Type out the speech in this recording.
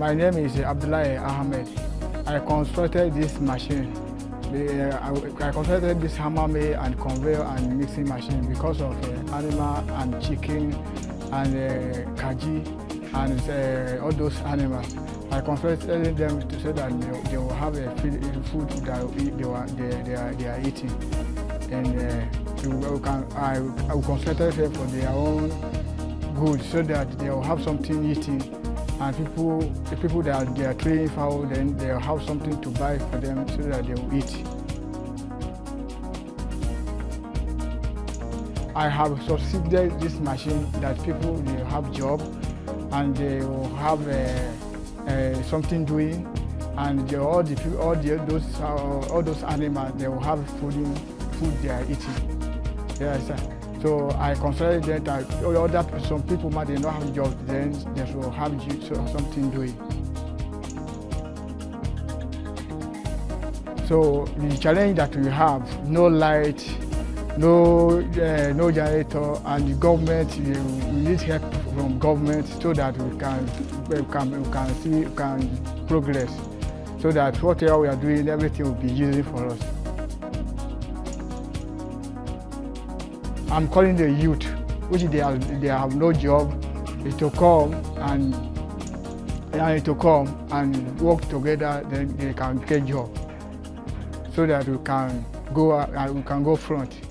My name is Abdullah Ahmed. I constructed this machine. Uh, I constructed this hammer mill and conveyor and mixing machine because of uh, animal and chicken and uh, kaji and all those animals. I constructed them to so that they, will have a food, food that they, are, they, are, they are eating. And I, constructed it for their own good so that they will have something eating and people, the people that they are training fowl, then they'll have something to buy for them so that they will eat. I have succeeded this machine that people will have job and they will have uh, uh, something doing and they, all, the, all, the, those, uh, all those animals, they will have food, food they are eating. Yes, sir. So I consider that uh, oh, other some people might not have jobs, then they will have something doing. So the challenge that we have, no light, no uh, no generator, and the government, we need help from government so that we can we can we can see we can progress, so that whatever we are doing, everything will be useful for us. I'm calling the youth, which they have, they have no job, to come and, to come and work together, then they can get job so that we can go, uh, we can go front.